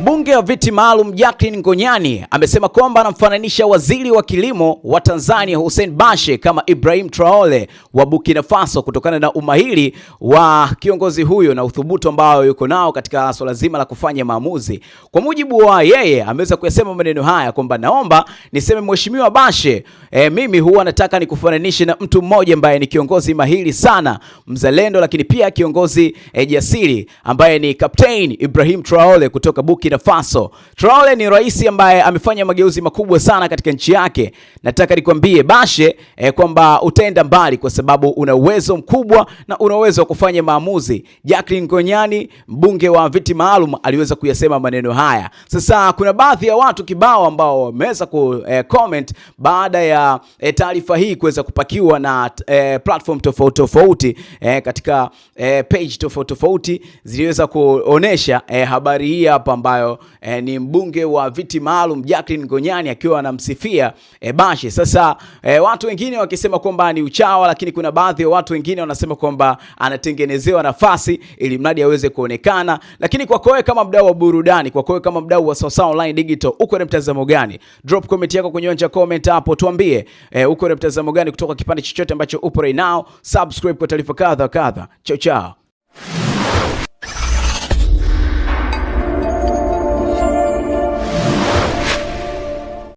Mbunge wa viti maalum Jacqueline Ngonyani amesema kwamba anamfananisha waziri wa kilimo wa Tanzania Hussein Bashe kama Ibrahim Traore wa Burkina Faso kutokana na umahiri wa kiongozi huyo na uthubutu ambao yuko nao katika swala zima la kufanya maamuzi. Kwa mujibu wa yeye, ameweza kuyasema maneno haya kwamba naomba niseme Mheshimiwa Bashe, e, mimi huwa nataka nikufananishe na mtu mmoja ambaye ni kiongozi mahiri sana, mzalendo, lakini pia kiongozi e, jasiri ambaye ni Captain Ibrahim Traore kutoka Burkina Burkina Faso. Traore ni rais ambaye amefanya mageuzi makubwa sana katika nchi yake. Nataka nikwambie Bashe eh, kwamba utaenda mbali kwa sababu una uwezo mkubwa na una uwezo wa kufanya maamuzi. Jacqueline Gonyani, mbunge wa viti maalum, aliweza kuyasema maneno haya. Sasa kuna baadhi ya watu kibao ambao wameweza ku eh, comment baada ya eh, taarifa hii kuweza kupakiwa na eh, platform tofauti tofauti eh, katika eh, page tofauti tofauti ziliweza kuonesha eh, habari hii hapa ambayo ambayo eh, ni mbunge wa viti maalum Jacqueline Gonyani akiwa anamsifia eh, Bashe. Sasa eh, watu wengine wakisema kwamba ni uchawa, lakini kuna baadhi ya watu wengine wanasema kwamba anatengenezewa nafasi ili mradi aweze kuonekana. Lakini kwako wewe kama mdau wa burudani, kwako wewe kama mdau wa sasa Online Digital, uko na mtazamo gani? Drop comment yako kwenye uwanja comment hapo, tuambie eh, uko na mtazamo gani kutoka kipande chochote ambacho upo right now. Subscribe kwa taarifa kadha kadha. Chao chao.